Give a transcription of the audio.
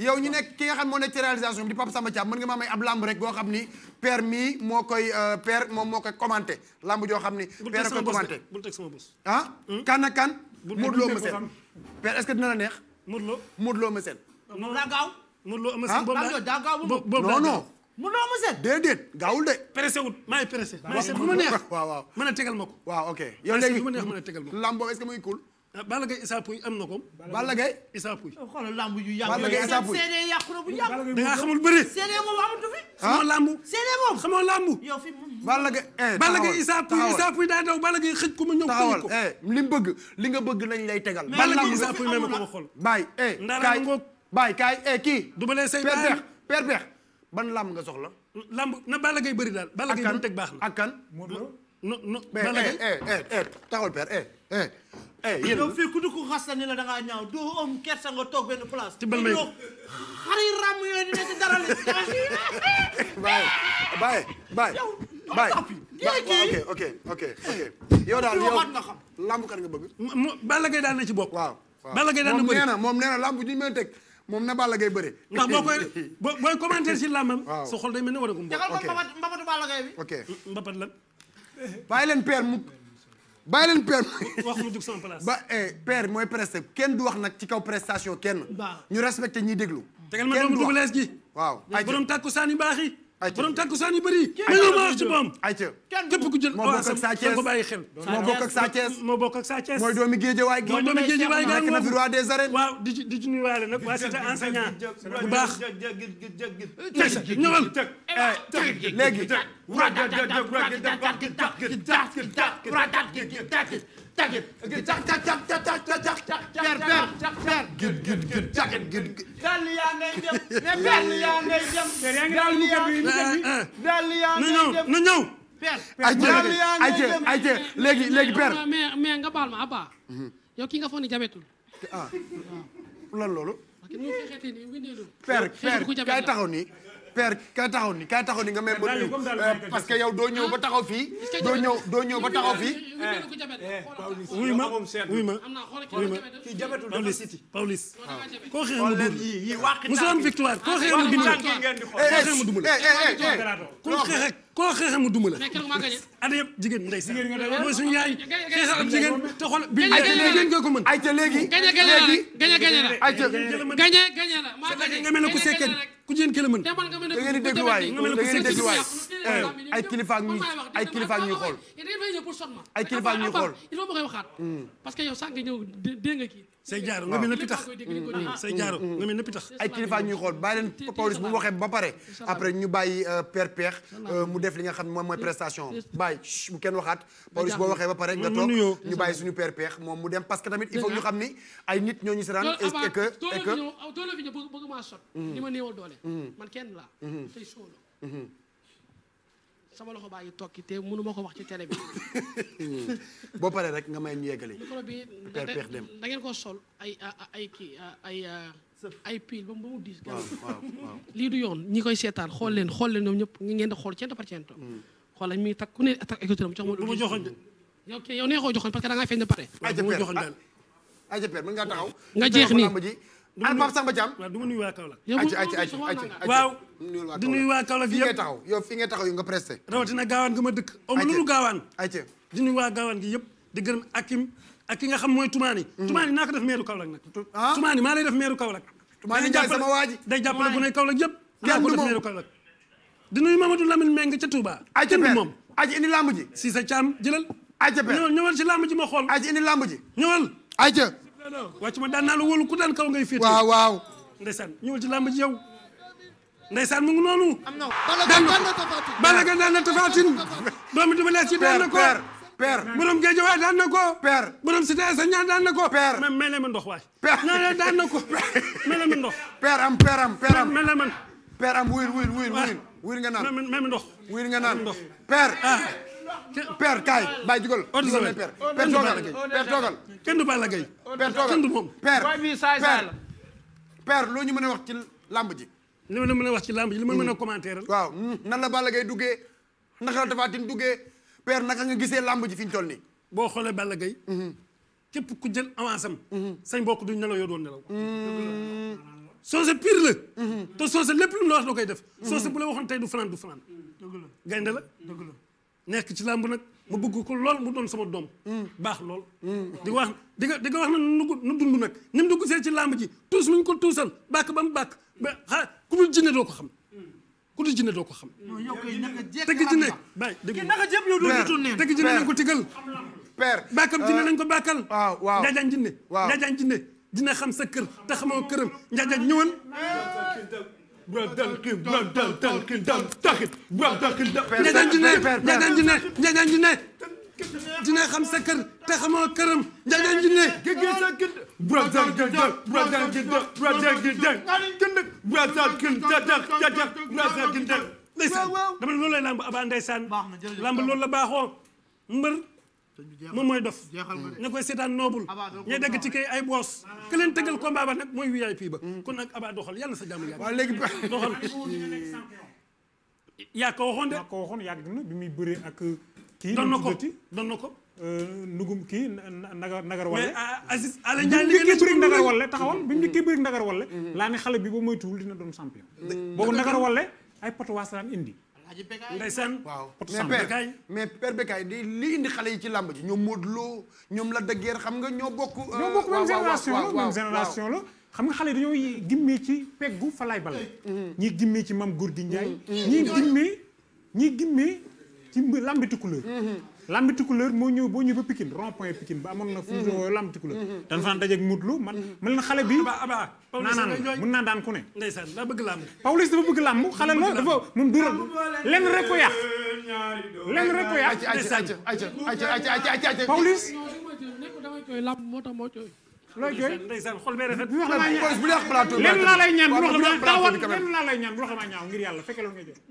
yow ñu nekk ki nga xam moo nekk ci réalisation bi di Pape Samba Thiam mën nga maa may am lamb rek goo xam ni père moo koy euh, moom moo koy commenté lamb joo xam ni. père koy commenté bul teg sama bés ah. Hmm? kan ak kan. Modou Lo Eumeu Sène père neex. Modou Lo Modou Lo Eumeu Sène. non daa gaaw. Modou Lo Eumeu Sène ah? boobu daa daa gaaw boobu non non. Modou Lo Eumeu Sène déedéet gaawul de. pressé wut maa ngi pressé. maa ngi a tegal est-ce que Balla Gaye Issa Pouye am na ko. Balla Gaye Issa Pouye. Oh, xoolal lamb yu yàqu. Balla Gaye Issa Pouye seede yàqu na bu yàqu. da ngaa xamul bëri. seede moom amatu fi. Ah? xamoo lamb. seede moom xamoo lamb. yow eh, ko ma ñëw. tëj ko eh, li nga bëgg lañ lay tegal. Balla Gaye Issa Pouye même ko ma xool. Baye eh Kaay Baye Kaay eh kii. dubalee say baay per ban lamb nga soxla. lamb na Balla Gaye bëri daal. Balla Gaye bu teg baax na. ak kan ak kan. Eh, taxawal per Eh, yéen yow fii ku ne la da ngaa ñaaw doo am kersa nga toog benn place. ci benn yow xari ràmm yooyu di ne ci dara li. bàyyi bàyyi bàyyi. bàyyi ok ok ok ok. yow nga bëgg. mu ci bopp. waaw waaw Balla Gaye moom nee na moom nee na làmb ji ñu mën teg. moom na Balla Gaye bëre. booy commentaire ci làmbam. waaw sa xol ne war a ko. ok bi. ok lan. bàyyi leen père bàyyi leen père wax mu jug sama place ba eh, père mooy presté kenn du wax nag ci kaw prestation kenn ñu respecté ñiy déglu te ngeen ma doomu dugalees gi waaw borom tàkku saani baax borom takkusaan yu bëri. ma ñëw ma wax ci moom. ayca képp ku jël owaasam da ko bàyyi xel. moo bokk ak Sa Thiès moo bokk ak Sa Thiès. mooy doomi Géejawaay gi. mooy doomi Géejawaay gi nekk na fi roi des arènes. waaw di ci di ci nuyuwaale nag waa cité enseignant bu baax. ñëwal. léegi. jacket jack jack jack jack jack jack jack per per gin gin gin jacket gin dal yaa ngay dem ne per yaa ngay dem dal yaa ngay dem dal yaa ngay dem na ñëw dal yaa ngay dem ay ay léegi léegi per mais mais nga baal ma abba yow ki nga foog ni jabetul ah lan loolu per per kay taxaw nii père ka taxaw ni ka nga may ma nuyu parce que ba taxaw fii doo ba taxaw fii wuy ma wuy ma wuy ma kii jabetul dafa siti Pawlish koo xeex mu dund victoire koo xeex mu dund koo xeex mu dund koo xeexam duma la. mais keroog maa gagné. ana yëpp jigéen ndey sa. mooy suñu yaay xeexal ak jigéen te xool bi jigéen nga ko mën. ayca léegi gagné gagné la ayca gagné gagné la. maa gagné nga mel ne ku sekkeen ku jigéen ki la mën. da ngeen di dégg waay da ngeen di dégg waay ay kilifa ak ñuy ay kilifa ak ñuy xool. pour sot ma. ay kilifa ñuy xool hmm. parce que yow sànq ñëw dégg nga kii. say jaaro nga mel ne pitax say jaaro nga mel ne pitax ay kilifa ñuy xool bàyyi leen Pawlish bu waxee ba pare après ñu bàyyi euh, père peex euh, mu def li nga xam moom mooy prestation bàyyi bu kenn waxaat Pawlish boo waxee ba pare nga toog ñu bàyyi suñu père peex moom mu dem parce que tamit il faut ñu xam ni ay nit ñoo ñu si raan et que et que doole fi ñëw bëgg maa sot hmm. ma néewal doole hmm. sama loxo baa ngi tokki te mënu ma ko wax ci télé bi. boo paree rek nga may ñu yeggali. micro bi da ngeen ko sol ay ay kii ay ay pile ba mu diis. waaw lii du yoon ñi koy seetaan xool leen xool leen ñoom ñëpp ngeen di xool cent par cent. Mm. xoolal mi ngi takk ku ne takk écouteur jox ma. bu ma joxoon yow kii yow nee xoo joxoon parce que da ngaa feeñ ba pare. waaw bu ma joxoon daal. ay jëppee ngaa taxaw. nga jeex nii ak Pape Samba Thiam waaw du ma nuyu waa Kaolack waaw di nuyu waa Kaolack yëpp fi ngay taxaw yow fi ngay taxaw yu nga presté rawatina gaawaan nga ma dëkk aw ma lu gaawaan di nuyu waa gaawaan gi yëpp di gërëm akim ak ki nga xam mooy Toumani mm. Toumani naa ko def meeru Kaolack nag ah? Toumani maa lay def meeru Kaolack Toumani Ndiaye sama waa ji day jàppale bu nay Kaolack yëpp naa ah, ko def meeru Kaolack di nuyu Mamadou Lamine Meng ca Touba kenn du moom aji indi lamb ji si sa caam jëlal ñëwal ñëwal si lamb ji ma xool aji indi lamb ji ñëwal aja wàcc ma daan naa la wóolu ku daan kaw ngay féetee. waaw waaw. ndeysaan ñëwal ci làmb ji yow. ndeysaan mu ngi noonu. am na daan na ko Balla Gaye daan na Tafatine. doomu dama laa ci daan na ko père père. borom Guédiawaye daan na ko. père borom Cité Essanien daan na ko. père mais may ndox waay. père na ko. wuyul wuyul wuyul wuyul. wuyul nga naan may ndox. wuyul nga naan père. père kaay bàyyi jugal. on dirait jugal père toogal père loo ñu mën a wax ci làmb ji. li la mën a wax ci làmb ji li ma mën a commentaire waaw nan la Balla Gaye duggee naka la Tapha Tine duggee père naka nga gisee làmb ji fi ñu nii. boo xoolee Balla Gaye. Mhm. képp ku jël avance am. Mhm. sañ bokk duñ nelaw yoo doon nelaw. Mhm. soose pire la. te soose lépp lu mu la wax da koy def. soose bu la waxoon tey du fanaan du fanaan. la gaynde la. nekk ci làmb nag ma bëgg ko lool mu doon sama doom. Hmm. baax lool. Hmm. di wax di nga di nga wax na nu dund nag ni mu dugg see ci làmb ji tuus mu ñu ko tuusal bàkk ba mu bàkk ba xaa ku dul jinne doo ko xam. Hmm. ku dul jinne doo ko xam. teg ci nekk bàyyi dégg nga teg ci nañ ko tigal. père bàkkam jinne euh, nañ ko bàkkal. waaw waaw njaajaan jinne. waaw njaajaan jinne dina xam sa kër te xamoo këram njaajaan ñëwal. Bram Dalkin, Bram Dalkin, Dam Taxit, Bram Dalkin, Dam. ñeneen ñu ne ñeneen ñu ne ñeneen ñu ne. dina xam sa kër te xamoo këram ñeneen ñu ne. géej sa kër. Bram Dalkin, Dam Bram Dalkin, Dam Bram Dalkin, Dam. Bram Dalkin, Dam Dam Dam Bram Dalkin, Dam. ndeysaan dama loolu lay lamb Aba ndeysaan. lamb loolu la baaxoo mbër. moom mooy dof ña koy seetaan noobul ñay dagg ci kay ay boos ke leen tëggal combat ba nag mooy VIP ba kon nag Aba doxal yàlla sa jàmm yàgg waaw léegi doxal yaa ko waxoon de yaa ko waxoon yàgg na bi muy bëree ak kii doon na ko doon na ko euh, ndugum kii nagar nagar wale ah, ah, Aziz Alain Ndiaye li ngeen bëri nagar wale taxawal bi mu dikkee mm-hmm. bëri nagar wale mm-hmm. laa ne xale bi ba moytuwul dina doon champion mm-hmm. boobu nagar wale ay potowaas daan indi ndeysaan waaw mais père mais père Bécaye di li indi xale yi ci làmb ji ñoom Modou Lo ñoom Lac de Guiers xam nga ñoo bokk euh, ñoo bokk même génération la même génération la xam nga xale dañoo gimmee ci peggu Falaye Bal ñii gimmee ci Mame Gorgui Ndiaye ñii gimmee ñii gimmee ci lambiti couleur mhm. lambiti couleur moo ñëw boo ñëw ba Pikine rond point Pikine ba amoon na fu ñu mhm. wooyu lambiti couleur mhm. dañ faan dajeeg mutlu man man leen xale bi aba naanaan mun naa daan ku ne ndeysaan daa bëgg làmb Pawlish dafa bëgg làmb xale la dafa mun dural lenn rek ko yàq lenn rek ko yàq ndeysaan Pawlish looy jooy ndeysaan xol bee rafet bu wax la maa ñaaw lenn laa lay ñaan bu wax la maa ñaaw ngir yàlla